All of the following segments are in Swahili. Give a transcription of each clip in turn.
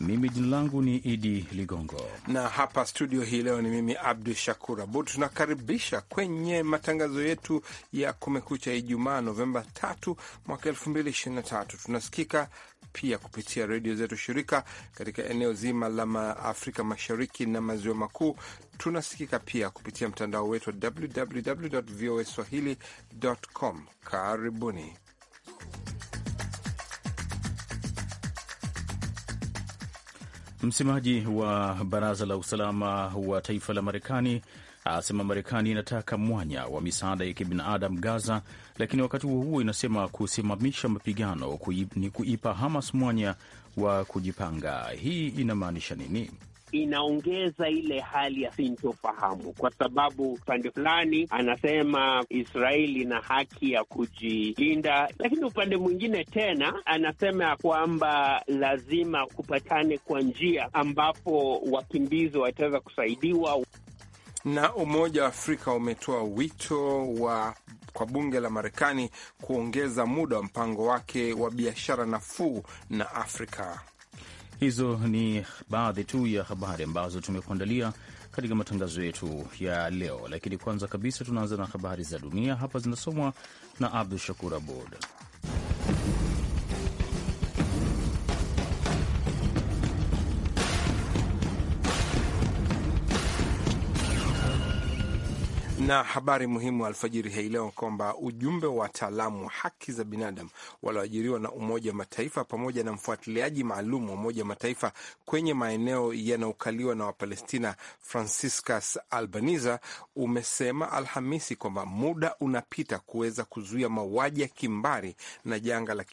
Mimi jina langu ni Idi Ligongo na hapa studio hii leo ni mimi Abdu Shakur Abud. Tunakaribisha kwenye matangazo yetu ya Kumekucha Ijumaa Novemba 3 mwaka 2023. Tunasikika pia kupitia redio zetu shirika katika eneo zima la Afrika Mashariki na Maziwa Makuu. Tunasikika pia kupitia mtandao wetu wa www voa swahili com. Karibuni. Msemaji wa baraza la usalama wa taifa la Marekani asema Marekani inataka mwanya wa misaada ya kibinadamu Gaza, lakini wakati huo huo inasema kusimamisha mapigano ni kuipa Hamas mwanya wa kujipanga. Hii inamaanisha nini? inaongeza ile hali ya sintofahamu, kwa sababu upande fulani anasema Israeli ina haki ya kujilinda, lakini upande mwingine tena anasema ya kwamba lazima kupatane kwa njia ambapo wakimbizi wataweza kusaidiwa. Na Umoja wa Afrika umetoa wito wa kwa bunge la Marekani kuongeza muda wa mpango wake wa biashara nafuu na Afrika. Hizo ni baadhi tu ya habari ambazo tumekuandalia katika matangazo yetu ya leo, lakini kwanza kabisa tunaanza na habari za dunia. Hapa zinasomwa na Abdu Shakur Abud. Na habari muhimu alfajiri hii leo kwamba ujumbe wa wataalamu wa haki za binadamu walioajiriwa na Umoja wa Mataifa pamoja na mfuatiliaji maalum wa Umoja wa Mataifa kwenye maeneo yanayokaliwa na Wapalestina, Franciscus albaniza umesema Alhamisi kwamba muda unapita kuweza kuzuia mauaji ya kimbari na janga la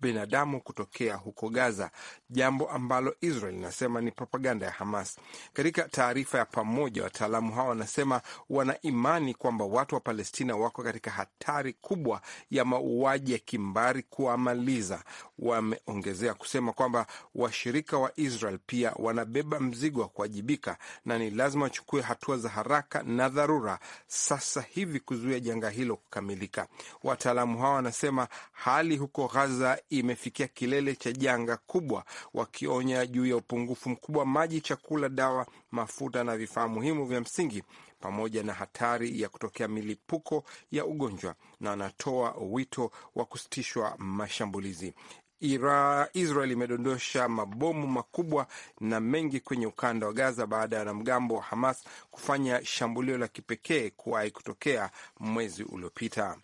binadamu kutokea huko Gaza, jambo ambalo Israel inasema ni propaganda ya Hamas. Katika taarifa ya pamoja, wataalamu hawa wanasema wana imani kwamba watu wa Palestina wako katika hatari kubwa ya mauaji ya kimbari kuwamaliza. Wameongezea kusema kwamba washirika wa Israel pia wanabeba mzigo wa kuwajibika na ni lazima wachukue hatua za haraka na dharura sasa hivi kuzuia janga hilo kukamilika. Wataalamu hawa wanasema hali huko Gaza imefikia kilele cha janga kubwa, wakionya juu ya upungufu mkubwa wa maji, chakula, dawa, mafuta na vifaa muhimu vya msingi pamoja na hatari ya kutokea milipuko ya ugonjwa na wanatoa wito wa kusitishwa mashambulizi. Israel imedondosha mabomu makubwa na mengi kwenye ukanda wa Gaza baada ya wanamgambo wa Hamas kufanya shambulio la kipekee kuwahi kutokea mwezi uliopita.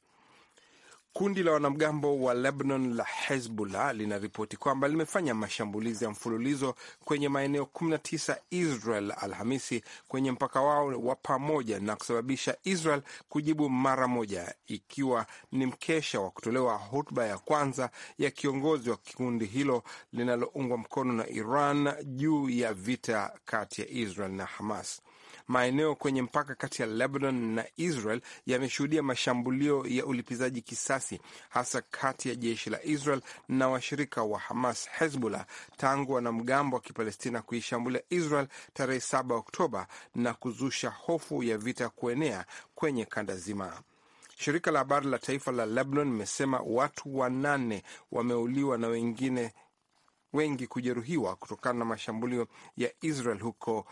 Kundi la wanamgambo wa Lebanon la Hezbollah linaripoti kwamba limefanya mashambulizi ya mfululizo kwenye maeneo 19 Israel Alhamisi kwenye mpaka wao wa pamoja na kusababisha Israel kujibu mara moja, ikiwa ni mkesha wa kutolewa hotuba ya kwanza ya kiongozi wa kikundi hilo linaloungwa mkono na Iran juu ya vita kati ya Israel na Hamas. Maeneo kwenye mpaka kati ya Lebanon na Israel yameshuhudia mashambulio ya ulipizaji kisasi, hasa kati ya jeshi la Israel na washirika wa Hamas, Hezbollah, tangu wanamgambo wa Kipalestina kuishambulia Israel tarehe 7 Oktoba na kuzusha hofu ya vita kuenea kwenye kanda zima. Shirika la habari la taifa la Lebanon limesema watu wanane wameuliwa na wengine wengi kujeruhiwa kutokana na mashambulio ya Israel huko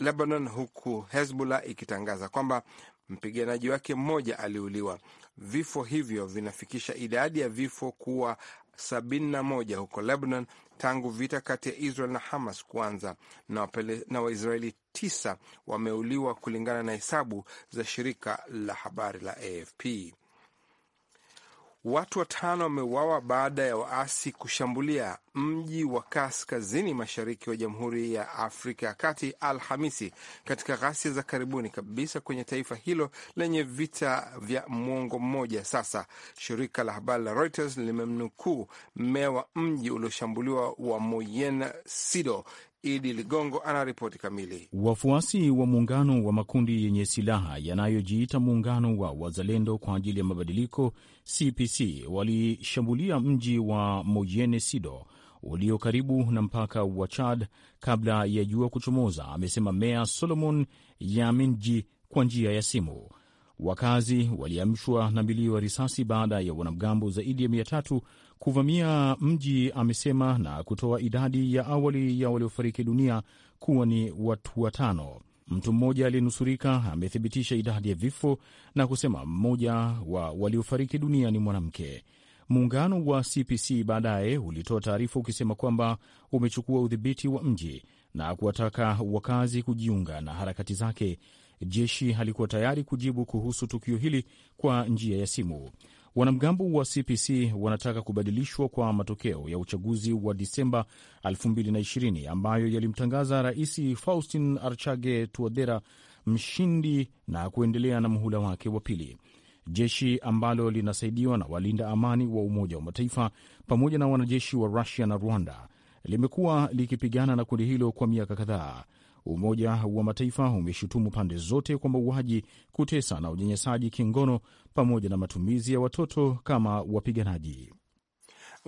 Lebanon, huku Hezbollah ikitangaza kwamba mpiganaji wake mmoja aliuliwa. Vifo hivyo vinafikisha idadi ya vifo kuwa 71 huko Lebanon tangu vita kati ya Israel na Hamas kuanza, na Waisraeli tisa wameuliwa kulingana na hesabu za shirika la habari la AFP. Watu watano wameuawa baada ya waasi kushambulia mji wa kaskazini mashariki wa Jamhuri ya Afrika ya Kati Alhamisi, katika ghasia za karibuni kabisa kwenye taifa hilo lenye vita vya mwongo mmoja sasa. Shirika la habari la Reuters limemnukuu mmea wa mji ulioshambuliwa wa Moyen Sido Idi Ligongo anaripoti kamili. Wafuasi wa muungano wa makundi yenye silaha yanayojiita muungano wa wazalendo kwa ajili ya mabadiliko CPC walishambulia mji wa Moyene Sido ulio karibu na mpaka wa Chad kabla ya jua kuchomoza, amesema Meya Solomon Yaminji kwa njia ya simu. Wakazi waliamshwa na milio ya risasi baada ya wanamgambo zaidi ya mia tatu kuvamia mji, amesema na kutoa idadi ya awali ya waliofariki dunia kuwa ni watu watano. Mtu mmoja aliyenusurika amethibitisha idadi ya vifo na kusema mmoja wa waliofariki dunia ni mwanamke. Muungano wa CPC baadaye ulitoa taarifa ukisema kwamba umechukua udhibiti wa mji na kuwataka wakazi kujiunga na harakati zake. Jeshi halikuwa tayari kujibu kuhusu tukio hili kwa njia ya simu. Wanamgambo wa CPC wanataka kubadilishwa kwa matokeo ya uchaguzi wa Disemba 2020 ambayo yalimtangaza Rais Faustin Archange Touadera mshindi na kuendelea na muhula wake wa pili. Jeshi ambalo linasaidiwa na walinda amani wa Umoja wa Mataifa pamoja na wanajeshi wa Rusia na Rwanda limekuwa likipigana na kundi hilo kwa miaka kadhaa. Umoja wa Mataifa umeshutumu pande zote kwa mauaji, kutesa na unyanyasaji kingono pamoja na matumizi ya watoto kama wapiganaji.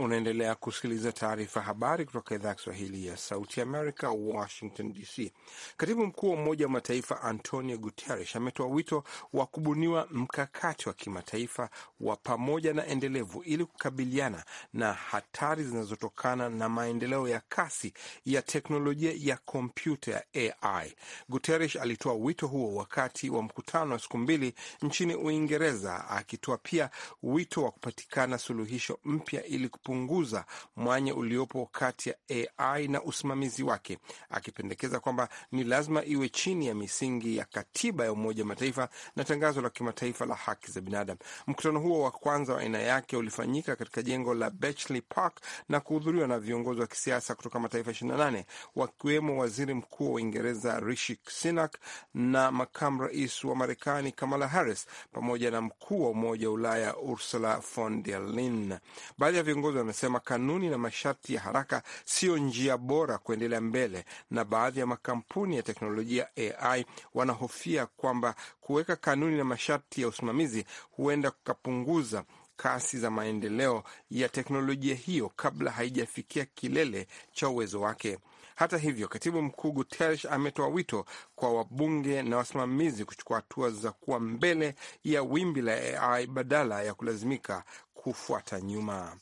Unaendelea kusikiliza taarifa habari kutoka idhaa ya Kiswahili ya Sauti Amerika, Washington DC. Katibu mkuu wa Umoja wa Mataifa Antonio Guterres ametoa wito wa kubuniwa mkakati wa kimataifa wa pamoja na endelevu ili kukabiliana na hatari zinazotokana na maendeleo ya kasi ya teknolojia ya kompyuta ya AI. Guterres alitoa wito huo wakati wa mkutano wa siku mbili nchini Uingereza, akitoa pia wito wa kupatikana suluhisho mpya ili kupunguza mwanya uliopo kati ya AI na usimamizi wake, akipendekeza kwamba ni lazima iwe chini ya misingi ya katiba ya Umoja wa Mataifa na tangazo la kimataifa la haki za binadamu. Mkutano huo wa kwanza wa aina yake ulifanyika katika jengo la Bletchley Park na kuhudhuriwa na viongozi wa kisiasa kutoka mataifa 28 wakiwemo waziri mkuu wa Uingereza Rishi Sunak na makamu rais wa Marekani Kamala Harris pamoja na mkuu wa Umoja wa Ulaya Ursula von der Leyen. Baadhi ya viongozi viongozi wanasema kanuni na masharti ya haraka siyo njia bora kuendelea mbele, na baadhi ya makampuni ya teknolojia AI wanahofia kwamba kuweka kanuni na masharti ya usimamizi huenda kukapunguza kasi za maendeleo ya teknolojia hiyo kabla haijafikia kilele cha uwezo wake. Hata hivyo, katibu mkuu Guterres ametoa wito kwa wabunge na wasimamizi kuchukua hatua za kuwa mbele ya wimbi la AI badala ya kulazimika kufuata nyuma.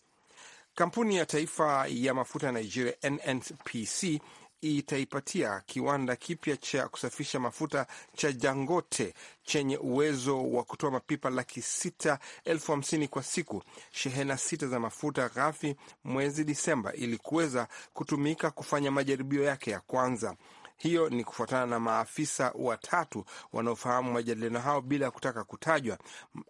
Kampuni ya taifa ya mafuta ya Nigeria NNPC itaipatia kiwanda kipya cha kusafisha mafuta cha jangote chenye uwezo wa kutoa mapipa laki sita elfu hamsini kwa siku shehena sita za mafuta ghafi mwezi Disemba ili kuweza kutumika kufanya majaribio yake ya kwanza. Hiyo ni kufuatana na maafisa watatu wanaofahamu majadiliano hao bila kutaka kutajwa.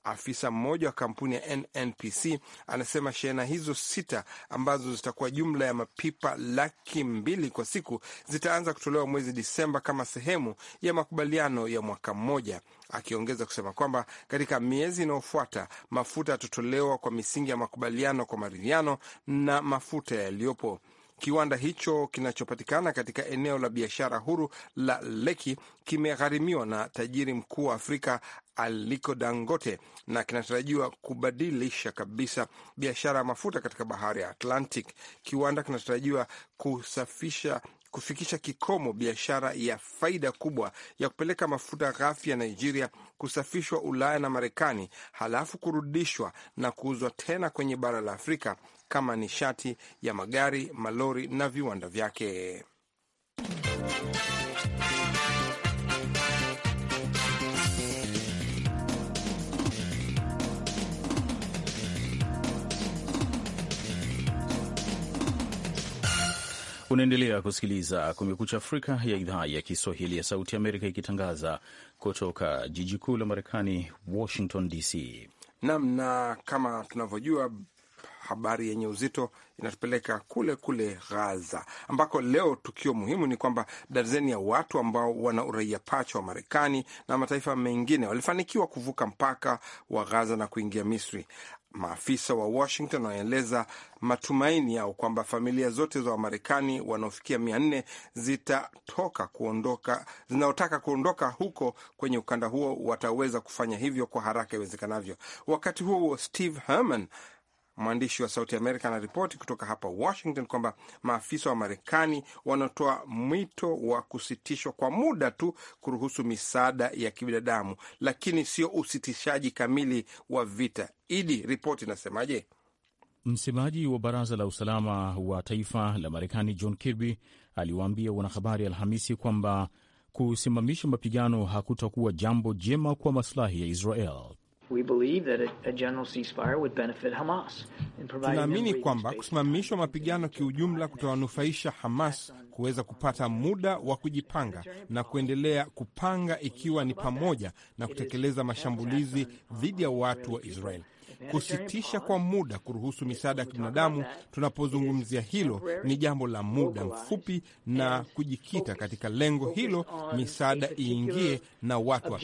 Afisa mmoja wa kampuni ya NNPC anasema shehena hizo sita ambazo zitakuwa jumla ya mapipa laki mbili kwa siku zitaanza kutolewa mwezi Disemba kama sehemu ya makubaliano ya mwaka mmoja, akiongeza kusema kwamba katika miezi inayofuata mafuta yatatolewa kwa misingi ya makubaliano kwa maridhiano na mafuta yaliyopo. Kiwanda hicho kinachopatikana katika eneo la biashara huru la Leki kimegharimiwa na tajiri mkuu wa Afrika Aliko Dangote na kinatarajiwa kubadilisha kabisa biashara ya mafuta katika bahari ya Atlantic. Kiwanda kinatarajiwa kusafisha kufikisha kikomo biashara ya faida kubwa ya kupeleka mafuta ghafi ya Nigeria kusafishwa Ulaya na Marekani, halafu kurudishwa na kuuzwa tena kwenye bara la Afrika kama nishati ya magari, malori na viwanda vyake. Unaendelea kusikiliza Kumekucha Afrika ya idhaa ya Kiswahili ya Sauti Amerika ikitangaza kutoka jiji kuu la Marekani, Washington DC. nam na kama tunavyojua habari yenye uzito inatupeleka kule kule Gaza ambako leo tukio muhimu ni kwamba darzeni ya watu ambao wana uraia pacha wa Marekani na mataifa mengine walifanikiwa kuvuka mpaka wa Gaza na kuingia Misri. Maafisa wa Washington wanaeleza matumaini yao kwamba familia zote za Wamarekani wanaofikia mia nne zitatoka kuondoka zinaotaka kuondoka huko kwenye ukanda huo wataweza kufanya hivyo kwa haraka iwezekanavyo. Wakati huo huo, Steve Herman Mwandishi wa Sauti Amerika anaripoti kutoka hapa Washington kwamba maafisa wa Marekani wanatoa mwito wa kusitishwa kwa muda tu kuruhusu misaada ya kibinadamu, lakini sio usitishaji kamili wa vita. Idi, ripoti inasemaje? Msemaji wa Baraza la Usalama wa Taifa la Marekani John Kirby aliwaambia wanahabari Alhamisi kwamba kusimamisha mapigano hakutakuwa jambo jema kwa maslahi ya Israel. Tunaamini kwamba kusimamishwa mapigano kiujumla kutawanufaisha Hamas kuweza kupata muda wa kujipanga na kuendelea kupanga, ikiwa ni pamoja na kutekeleza mashambulizi dhidi ya watu wa Israeli kusitisha kwa muda kuruhusu misaada ya kibinadamu, tunapozungumzia hilo ni jambo la muda mfupi, na kujikita katika lengo hilo, misaada iingie na watu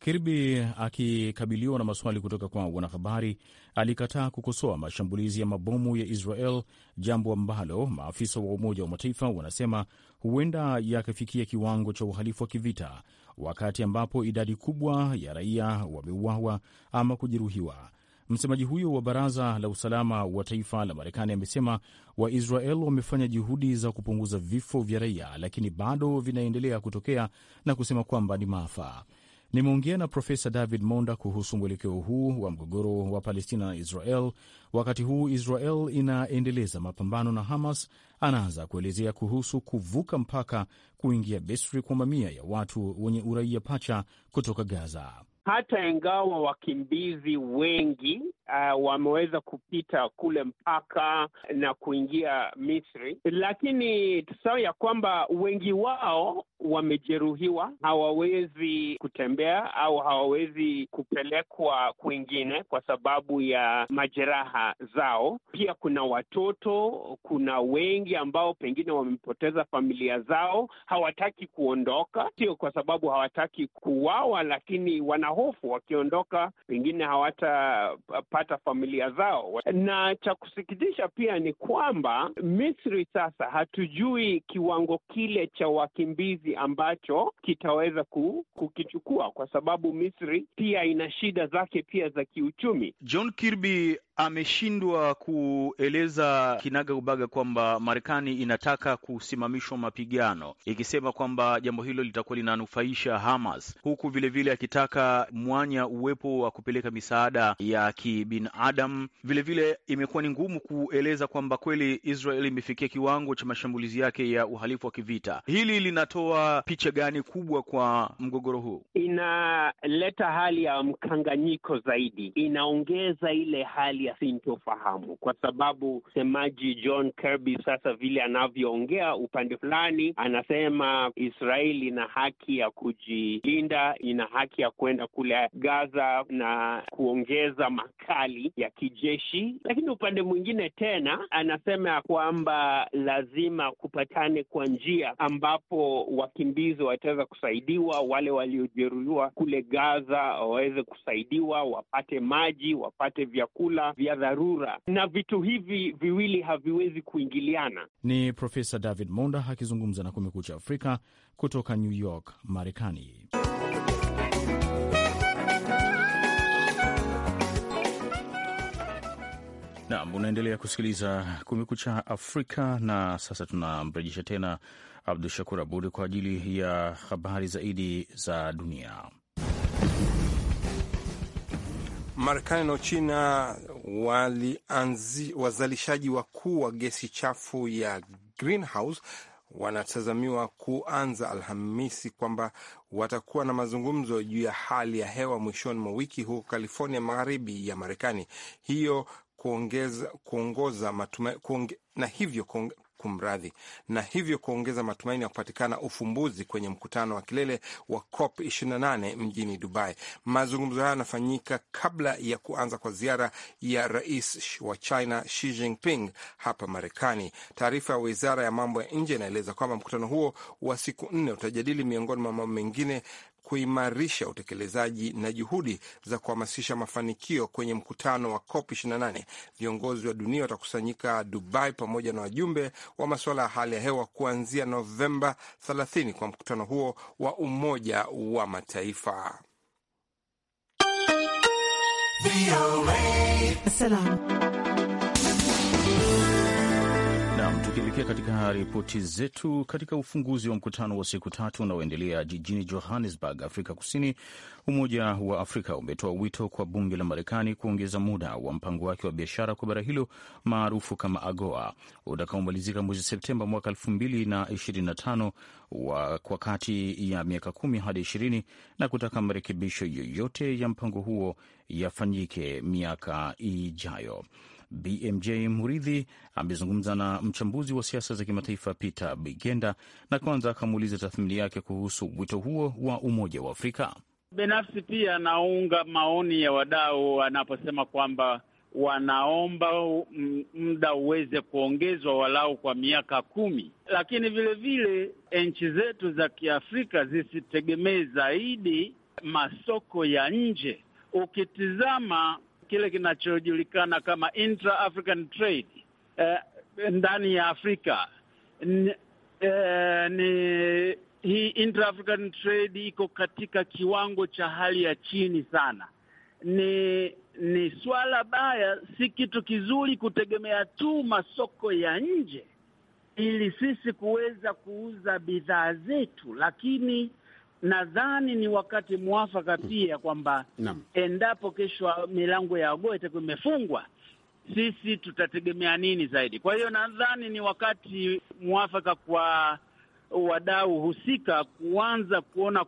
Kirby akikabiliwa na maswali kutoka kwa wanahabari alikataa kukosoa mashambulizi ya mabomu ya Israel, jambo ambalo maafisa wa Umoja wa Mataifa wanasema huenda yakafikia kiwango cha uhalifu wa kivita, wakati ambapo idadi kubwa ya raia wameuawa ama kujeruhiwa. Msemaji huyo wa baraza la usalama wa taifa la Marekani amesema Waisrael wamefanya juhudi za kupunguza vifo vya raia, lakini bado vinaendelea kutokea na kusema kwamba ni maafa. Nimeongea na Profesa David Monda kuhusu mwelekeo huu wa mgogoro wa Palestina na Israel. Wakati huu Israel inaendeleza mapambano na Hamas. Anaanza kuelezea kuhusu kuvuka mpaka kuingia Misri kwa mamia ya watu wenye uraia pacha kutoka Gaza hata ingawa wakimbizi wengi uh, wameweza kupita kule mpaka na kuingia Misri, lakini tusahau ya kwamba wengi wao wamejeruhiwa, hawawezi kutembea au hawawezi kupelekwa kwingine kwa sababu ya majeraha zao. Pia kuna watoto, kuna wengi ambao pengine wamepoteza familia zao, hawataki kuondoka, sio kwa sababu hawataki kuwawa lakini wana hofu wakiondoka, pengine hawatapata familia zao. Na cha kusikitisha pia ni kwamba Misri sasa hatujui kiwango kile cha wakimbizi ambacho kitaweza kukichukua kwa sababu Misri pia ina shida zake pia za kiuchumi. John Kirby ameshindwa kueleza kinaga ubaga kwamba Marekani inataka kusimamishwa mapigano, ikisema kwamba jambo hilo litakuwa linanufaisha Hamas, huku vilevile akitaka mwanya uwepo wa kupeleka misaada ya kibinadamu. Vilevile imekuwa ni ngumu kueleza kwamba kweli Israel imefikia kiwango cha mashambulizi yake ya uhalifu wa kivita. Hili linatoa picha gani kubwa kwa mgogoro huu? Inaleta hali ya mkanganyiko zaidi, inaongeza ile hali ya sintofahamu, kwa sababu msemaji John Kirby sasa vile anavyoongea, upande fulani anasema Israeli ina haki ya kujilinda, ina haki ya kwenda kule Gaza na kuongeza makali ya kijeshi, lakini upande mwingine tena anasema ya kwamba lazima kupatane kwa njia ambapo wakimbizi wataweza kusaidiwa, wale waliojeruhiwa kule Gaza waweze kusaidiwa, wapate maji, wapate vyakula vya dharura, na vitu hivi viwili haviwezi kuingiliana. Ni Profesa David Monda akizungumza na Kumekucha Afrika kutoka New York, Marekani. Naam, unaendelea kusikiliza Kumekucha Afrika, na sasa tunamrejesha tena Abdu Shakur Abud kwa ajili ya habari zaidi za dunia. Marekani na Uchina walianzi wazalishaji wakuu wa gesi chafu ya greenhouse wanatazamiwa kuanza Alhamisi kwamba watakuwa na mazungumzo juu ya hali ya hewa mwishoni mwa wiki huko California, magharibi ya Marekani. Hiyo kuongeza, kuongoza matumaini, kuonge, na hivyo kuonge, kumradhi na hivyo kuongeza matumaini ya kupatikana ufumbuzi kwenye mkutano wa kilele wa COP 28 mjini Dubai. Mazungumzo hayo yanafanyika kabla ya kuanza kwa ziara ya rais wa China Xi Jinping hapa Marekani. Taarifa ya wizara ya mambo ya nje inaeleza kwamba mkutano huo wa siku nne utajadili miongoni mwa mambo mengine kuimarisha utekelezaji na juhudi za kuhamasisha mafanikio kwenye mkutano wa COP 28. Viongozi wa dunia watakusanyika Dubai pamoja na wajumbe wa masuala ya hali ya hewa kuanzia Novemba 30 kwa mkutano huo wa Umoja wa Mataifa. Salam. Tukielekea katika ripoti zetu, katika ufunguzi wa mkutano wa siku tatu unaoendelea jijini Johannesburg, Afrika Kusini, Umoja wa Afrika umetoa wito kwa bunge la Marekani kuongeza muda wa mpango wake wa biashara kwa bara hilo maarufu kama AGOA utakaomalizika mwezi Septemba mwaka wa kwa kati ya miaka kumi hadi ishirini na kutaka marekebisho yoyote ya mpango huo yafanyike miaka ijayo. BMJ Muridhi amezungumza na mchambuzi wa siasa za kimataifa Peter Bigenda na kwanza akamuuliza tathmini yake kuhusu wito huo wa Umoja wa Afrika. Binafsi pia naunga maoni ya wadau anaposema kwamba wanaomba muda uweze kuongezwa walau kwa miaka kumi, lakini vilevile nchi zetu za Kiafrika zisitegemee zaidi masoko ya nje. Ukitizama kile kinachojulikana kama intra african trade eh, ndani ya Afrika N, eh, ni hii intra african trade iko katika kiwango cha hali ya chini sana. Ni ni swala baya, si kitu kizuri kutegemea tu masoko ya nje ili sisi kuweza kuuza bidhaa zetu, lakini nadhani ni wakati mwafaka pia kwamba endapo kesho milango ya goa itakuwa imefungwa, sisi tutategemea nini zaidi? Kwa hiyo nadhani ni wakati mwafaka kwa wadau husika kuanza kuona,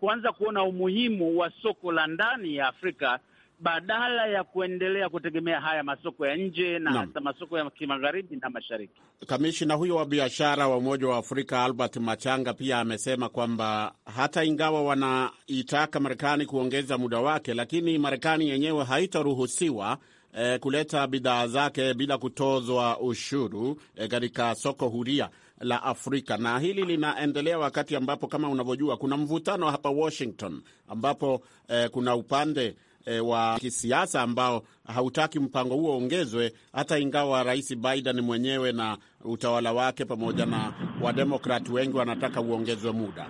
kuanza kuona umuhimu wa soko la ndani ya Afrika badala ya kuendelea kutegemea haya masoko ya nje na hasa masoko ya kimagharibi na mashariki. Kamishina huyo wa biashara wa Umoja wa Afrika Albert Machanga pia amesema kwamba hata ingawa wanaitaka Marekani kuongeza muda wake, lakini Marekani yenyewe haitaruhusiwa eh, kuleta bidhaa zake bila kutozwa ushuru eh, katika eh, soko huria la Afrika. Na hili linaendelea wakati ambapo kama unavyojua kuna mvutano hapa Washington ambapo eh, kuna upande e, wa kisiasa ambao hautaki mpango huo ongezwe, hata ingawa Rais Biden mwenyewe na utawala wake pamoja na wademokrati wengi wanataka uongezwe muda.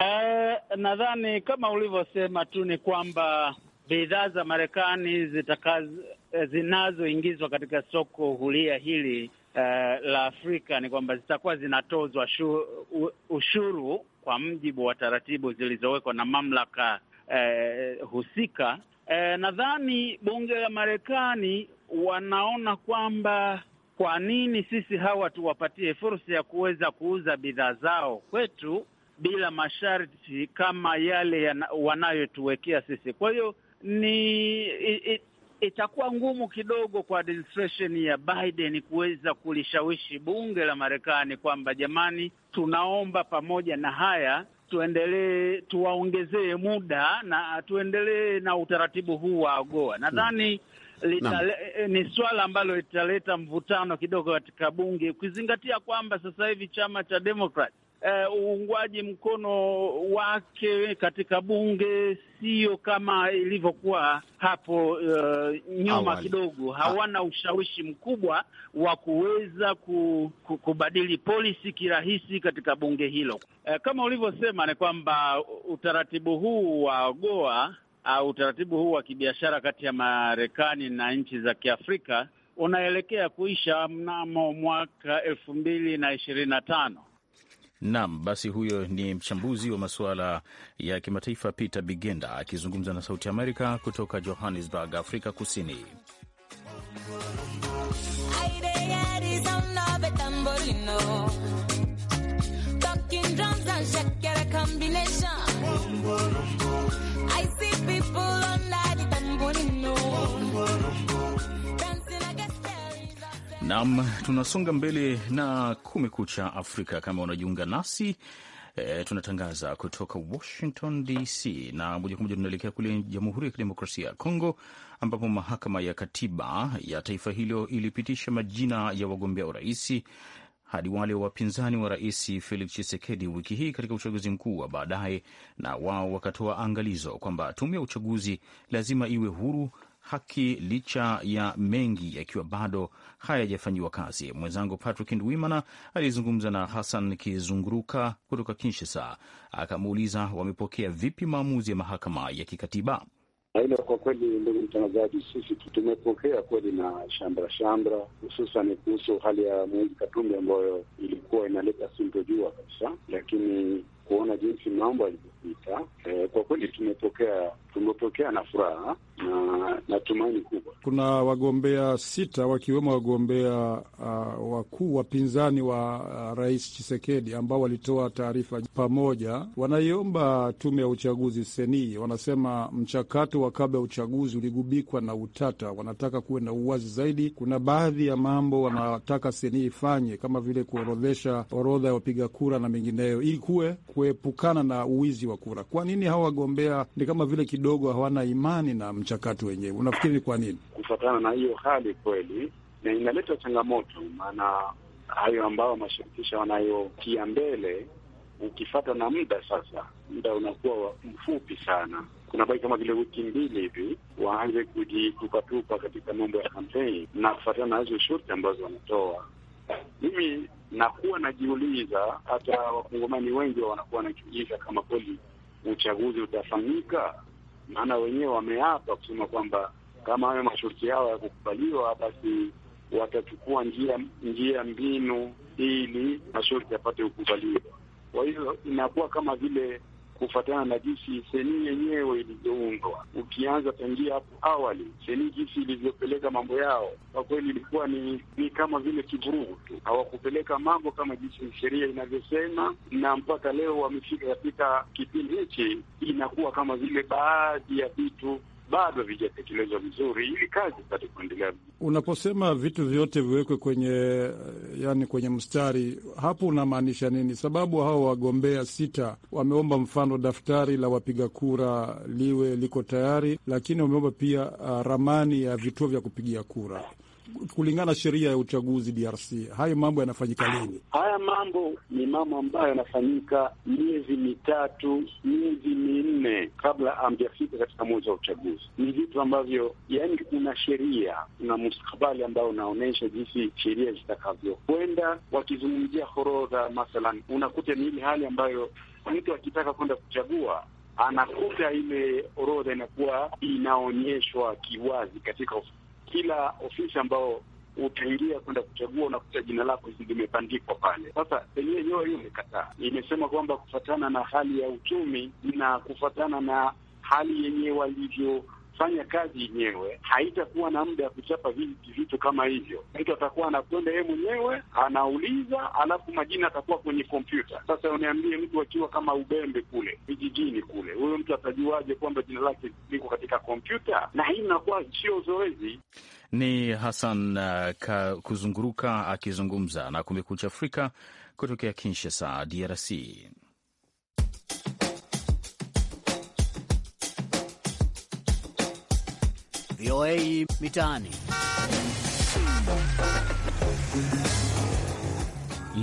Uh, nadhani kama ulivyosema tu ni kwamba bidhaa za Marekani eh, zinazoingizwa katika soko huria hili uh, la Afrika ni kwamba zitakuwa zinatozwa ushuru kwa mjibu wa taratibu zilizowekwa na mamlaka uh, husika E, nadhani bunge la Marekani wanaona kwamba kwa nini sisi hawa tuwapatie fursa ya kuweza kuuza bidhaa zao kwetu bila masharti kama yale ya wanayotuwekea sisi. Kwa hiyo ni it, it, itakuwa ngumu kidogo kwa administration ya Biden kuweza kulishawishi bunge la Marekani kwamba jamani, tunaomba pamoja na haya tuendelee, tuwaongezee muda na tuendelee na utaratibu huu wa AGOA. Nadhani hmm. eh, ni swala ambalo litaleta mvutano kidogo katika bunge, ukizingatia kwamba sasa hivi chama cha demokrat Eh, uungwaji uh, mkono wake katika bunge sio kama ilivyokuwa hapo uh, nyuma Awali. Kidogo ah. hawana ushawishi mkubwa wa kuweza kubadili polisi kirahisi katika bunge hilo. Uh, kama ulivyosema ni kwamba utaratibu huu wa goa au uh, utaratibu huu wa kibiashara kati ya Marekani na nchi za Kiafrika unaelekea kuisha mnamo mwaka elfu mbili na ishirini na tano Naam, basi huyo ni mchambuzi wa masuala ya kimataifa Peter Bigenda akizungumza na Sauti Amerika kutoka Johannesburg, Afrika Kusini. Nam, tunasonga mbele na Kumekucha Afrika. Kama unajiunga nasi e, tunatangaza kutoka Washington DC na moja kwa moja tunaelekea kule Jamhuri ya Kidemokrasia ya Kongo, ambapo mahakama ya katiba ya taifa hilo ilipitisha majina ya wagombea uraisi hadi wale wapinzani wa rais Felix Tshisekedi wiki hii katika uchaguzi mkuu wa baadaye, na wao wakatoa angalizo kwamba tume ya uchaguzi lazima iwe huru haki licha ya mengi yakiwa bado hayajafanyiwa kazi. Mwenzangu Patrick Ndwimana alizungumza na Hassan Kizunguruka kutoka Kinshasa, akamuuliza wamepokea vipi maamuzi ya mahakama ya kikatiba. Hilo kwa kweli, ndugu mtangazaji, sisi tumepokea kweli na shambra shambra, hususan kuhusu hali ya Moise Katumbi ambayo ilikuwa inaleta sintojua kabisa, lakini kuona jinsi mambo yalivyopita. Eh, kwa kweli tumepokea tumepokea na furaha na, na tumaini kubwa. Kuna wagombea sita wakiwemo wagombea uh, wakuu wapinzani wa uh, Rais Chisekedi ambao walitoa taarifa pamoja, wanaiomba tume ya uchaguzi senii. Wanasema mchakato wa kabla ya uchaguzi uligubikwa na utata, wanataka kuwe na uwazi zaidi. Kuna baadhi ya mambo wanataka senii ifanye kama vile kuorodhesha orodha ya wapiga kura na mengineyo, ili kuwe kuepukana na uwizi wa kura. Kwa nini hawa wagombea ni kama vile kidogo hawana imani na mchakato wenyewe? Unafikiri ni kwa nini? Kufuatana na hiyo hali kweli, na inaleta changamoto, maana hayo ambayo mashirikisha wanayotia mbele ukifata na muda sasa, muda unakuwa mfupi sana, kunabaki kama vile wiki mbili hivi waanze kujitupatupa katika mambo ya kampeni na kufuatana na hizo shurti ambazo wanatoa mimi nakuwa najiuliza, hata wakongomani wengi wanakuwa wanajiuliza kama kweli uchaguzi utafanyika, maana wenyewe wameapa kusema kwamba kama hayo masharti yao kukubaliwa basi watachukua njia njia mbinu ili masharti yapate kukubaliwa. Kwa hiyo inakuwa kama vile kufuatana na jinsi senii yenyewe ilivyoundwa. Ukianza tangia hapo awali, seni jinsi ilivyopeleka mambo yao, kwa kweli ilikuwa ni, ni kama vile kivurugu tu, hawakupeleka mambo kama jinsi sheria inavyosema, na mpaka leo wamefika katika kipindi hichi, inakuwa kama vile baadhi ya vitu bado havijatekelezwa vizuri, ili kazi ipate kuendelea. Unaposema vitu vyote viwekwe kwenye eh, yani kwenye mstari, hapo unamaanisha nini? Sababu hao wagombea sita wameomba mfano daftari la wapiga kura liwe liko tayari, lakini wameomba pia uh, ramani ya vituo vya kupigia kura kulingana na sheria ya uchaguzi DRC, hayo mambo yanafanyika lini? Haya mambo ni mambo ambayo yanafanyika miezi mitatu, miezi minne kabla amjafika katika mwezi wa uchaguzi. Ni vitu ambavyo, yani, kuna sheria, kuna mustakabali ambao unaonyesha jinsi sheria zitakavyokwenda. Wakizungumzia horodha mathalan, unakuta ni ile hali ambayo mtu akitaka kwenda kuchagua anakuta ile orodha inakuwa inaonyeshwa kiwazi katika kila ofisi ambao utaingia kwenda kuchagua unakuta jina lako limebandikwa pale. Sasa enyewe yenyewe hiyo imekataa, imesema kwamba kufatana na hali ya uchumi na kufatana na hali yenyewe walivyo fanya kazi yenyewe, haitakuwa na muda ya kuchapa vitu kama hivyo. Mtu atakuwa anakwenda yeye mwenyewe anauliza, alafu majina atakuwa kwenye kompyuta. Sasa uniambie, mtu akiwa kama Ubembe kule vijijini kule, huyo mtu atajuaje kwamba jina lake liko katika kompyuta? Na hii inakuwa sio zoezi. Ni Hasan uh, Kuzunguruka akizungumza na Kumekucha Afrika kutokea Kinshasa, DRC. VOA Mitaani.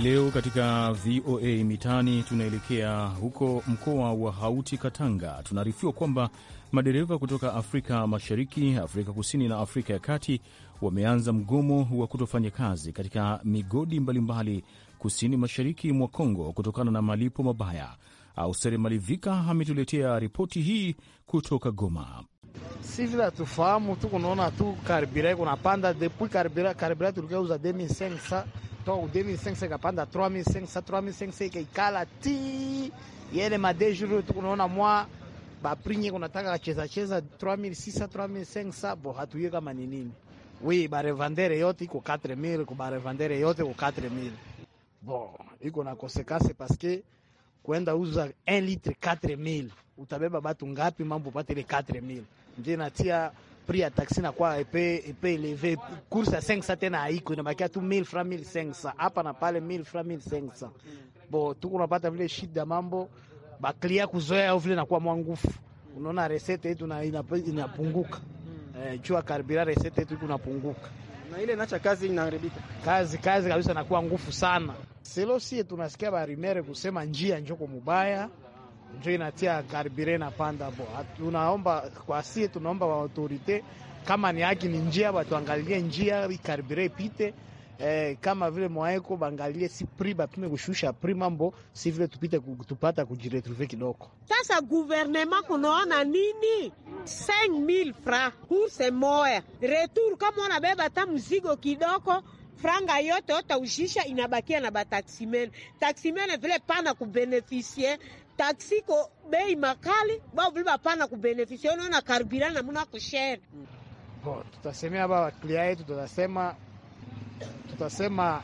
Leo katika VOA Mitaani tunaelekea huko mkoa wa Hauti Katanga. Tunaarifiwa kwamba madereva kutoka Afrika Mashariki, Afrika Kusini na Afrika ya Kati wameanza mgomo wa kutofanya kazi katika migodi mbalimbali mbali kusini mashariki mwa Kongo kutokana na malipo mabaya. Ausere Malivika ametuletea ripoti hii kutoka Goma si vile tufahamu tu, kunaona tu karibira kunapanda depuis karibira, karibira tulikeuza 2500 toka 2500 ikapanda 3500 3500 ikaikala ti yele madejuru tu, kunaona mwa baprinye kunataka cheza cheza 3600 3500 bo hatuye kama ni nini. Oui, barevandere yote iko 4000 ku barevandere yote ku 4000 bo iko na kosekase paske kwenda uza 1 litre 4000 utabeba batu ngapi? mambo upate ile 4000 natia prix ya taxi na nakuwa epe eleve course ya 500 tena haiko, inabakia tu 1000 francs 1500 hapa na pale 1000 francs 1500 bo tuko tunapata vile shida mambo baklia kuzoea au vile nakuwa mwangufu, unaona resete yetu inapunguka eh, jua karibira resete yetu inapunguka na ile nacha kazi inaharibika, kazi kazi kabisa nakuwa ngufu sana. Selo sie tunasikia barimere kusema njia njoko mubaya njo inatia karibire na panda bo. Tunaomba kwa sie, tunaomba wa autorite kama ni haki ni njia batuangalie njia karibire ipite Eh, kama vile mwaeko bangalie si pri bapime kushusha pri mambo si vile tupite kutupata kujiretrouve kidogo. Sasa guvernema kunaona nini? 5000 francs pour ce moya retour, kama ona beba ta mzigo kidogo, franga yote yote ushisha inabakia na bataksimene taksimene vile pana kubenefisie ko bei makali bao vilivapana kubenefisia, unaona na namuna kushare Bo, tutasemea ba waklia yetu, tutasema tutasema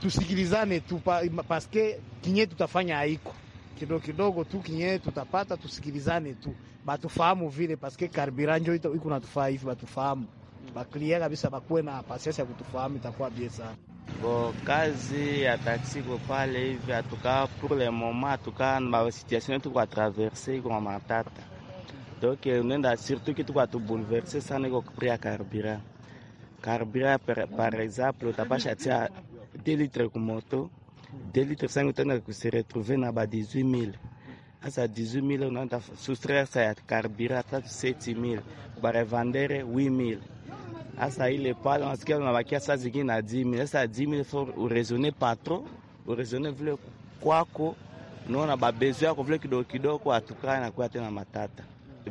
tusikilizane tu paske kinye tutafanya haiko kidogo kidogo tu kinye tutapata, tusikilizane tu batufahamu vile, paske karbiranjo iko natufaa hivi, batufahamu baklia kabisa, bakuwe na pasiasi ya kutufahamu, itakuwa bie sana. Bo kazi ya taksi ko pale hivi atuka pour le moment atuka ma situation tuko atraverse iko matata donc nenda surtout kitu kwa tubulverse sana iko pria karibira karibira par, exemple utapasha tia 2 litre ku moto 2 litre sango tena kusi retrouver na ba 18000 asa 18000 unaenda soustraire sa ya karibira tatu 7000 barevendere 8000 Hasa ile pale unasikia unabakia saa zingine na dimi. Sasa dimi fo uresone patro, uresone vile kwako, unaona babezo yako vile kidogo kidogo, atukana na kuwa tena matata.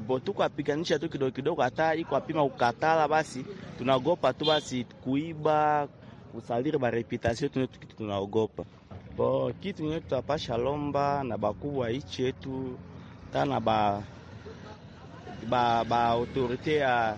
Bo tuko apiganisha tu kidogo kidogo, hata iko apima kukatala, basi tunaogopa tu basi kuiba, kusaliri ba reputation tunetu tunaogopa. Bo kitu nyetu tutapasha lomba na bakubwa ichi yetu tana ba ba ba autorite ya ah,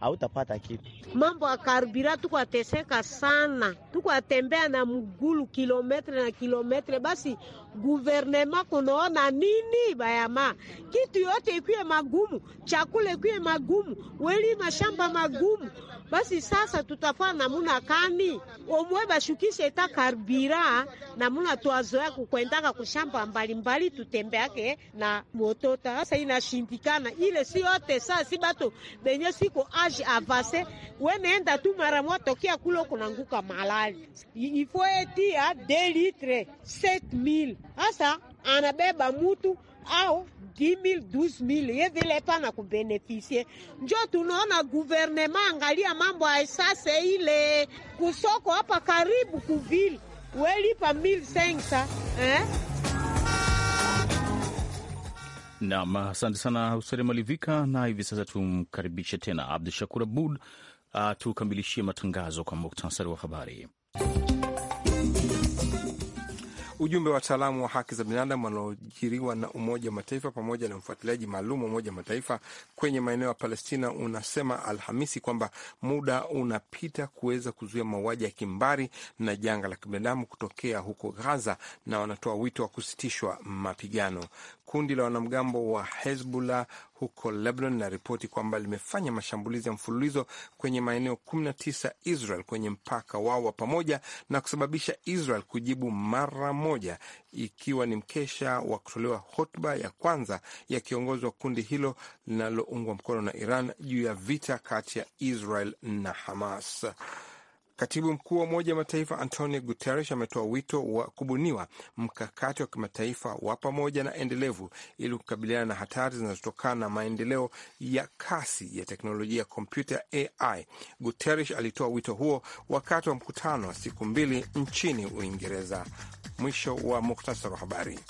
hautapata kitu. Mambo ya karibira, tukwateseka sana, tukwatembea na mgulu kilometre na kilometre. Basi guvernema kunaona nini bayama, kitu yote ikwiye magumu, chakula ikwiye magumu, weli mashamba magumu basi sasa tutafaa namuna kani omwe bashukishe eta karbira namuna twazoea kukwendaka kushamba mbalimbali tutembeake na motota. Sasa inashindikana ile, si yote saa si batu benye siko age avase weneenda tu mara moja tokea kulo kunanguka malali ifo etia 2 litre 7000 hasa anabeba mutu au 10000 12000 yevile pana kubenefisie. Njo tunaona guvernema angalia mambo ya sasa, ile kusoko hapa karibu kuvili welipa 1500 eh? nam asante sana Usere Malivika. Na hivi sasa tumkaribishe tena Abdu Shakur Abud tukamilishie matangazo kwa muktasari wa habari. Ujumbe wa wataalamu wa haki za binadamu wanaojiriwa na Umoja wa Mataifa pamoja na mfuatiliaji maalum wa Umoja wa Mataifa kwenye maeneo ya Palestina unasema Alhamisi kwamba muda unapita kuweza kuzuia mauaji ya kimbari na janga la kibinadamu kutokea huko Gaza, na wanatoa wito wa kusitishwa mapigano. Kundi la wanamgambo wa Hezbollah huko Lebanon linaripoti kwamba limefanya mashambulizi ya mfululizo kwenye maeneo 19 Israel kwenye mpaka wao wa pamoja na kusababisha Israel kujibu mara moja, ikiwa ni mkesha wa kutolewa hotuba ya kwanza ya kiongozi wa kundi hilo linaloungwa mkono na Iran juu ya vita kati ya Israel na Hamas. Katibu mkuu wa Umoja wa Mataifa Antonio Guterres ametoa wito wa kubuniwa mkakati wa kimataifa wa pamoja na endelevu ili kukabiliana na hatari zinazotokana na maendeleo ya kasi ya teknolojia ya kompyuta AI. Guterres alitoa wito huo wakati wa mkutano wa siku mbili nchini Uingereza. Mwisho wa muktasari wa habari.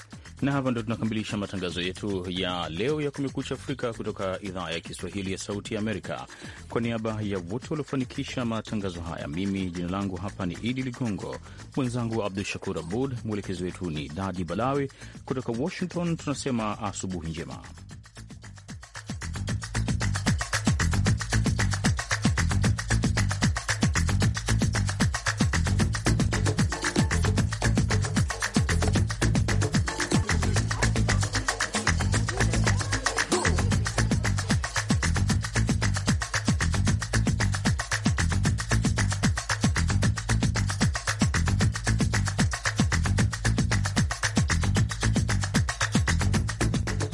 Na hapa ndo tunakamilisha matangazo yetu ya leo ya Kumekucha Afrika kutoka idhaa ya Kiswahili ya Sauti ya Amerika. Kwa niaba ya wote waliofanikisha matangazo haya, mimi jina langu hapa ni Idi Ligongo, mwenzangu Abdu Shakur Abud, mwelekezi wetu ni Dadi Balawi. Kutoka Washington tunasema asubuhi njema.